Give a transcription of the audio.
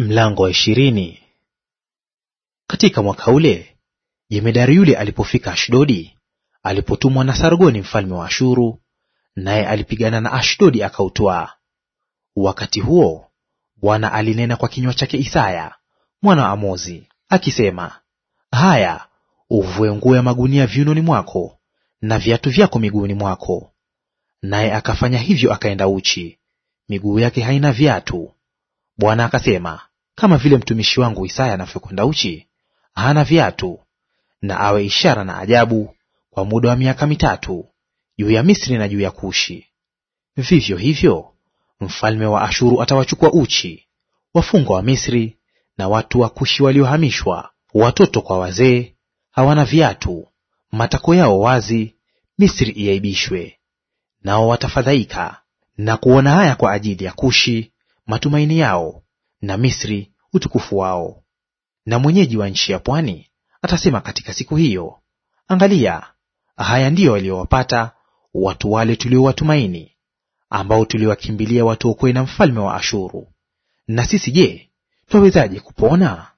Mlango wa ishirini. Katika mwaka ule jemedari yule alipofika Ashdodi, alipotumwa na Sargoni mfalme wa Ashuru, naye alipigana na Ashdodi akautwaa. Wakati huo Bwana alinena kwa kinywa chake Isaya mwana wa Amozi akisema, haya, uvue nguo ya magunia viunoni mwako na viatu vyako miguuni mwako. Naye akafanya hivyo, akaenda uchi, miguu yake haina viatu. Bwana akasema kama vile mtumishi wangu Isaya anavyokwenda uchi hana viatu, na awe ishara na ajabu kwa muda wa miaka mitatu juu ya Misri na juu ya Kushi. Vivyo hivyo mfalme wa Ashuru atawachukua uchi wafungwa wa Misri na watu wa Kushi waliohamishwa, watoto kwa wazee, hawana viatu, matako yao wazi, Misri iaibishwe. Nao watafadhaika na kuona haya kwa ajili ya Kushi, matumaini yao na Misri utukufu wao. Na mwenyeji wa nchi ya pwani atasema katika siku hiyo, angalia, haya ndiyo waliowapata watu wale tuliowatumaini, ambao tuliwakimbilia watuokoe na mfalme wa Ashuru. Na sisi je, twawezaje kupona?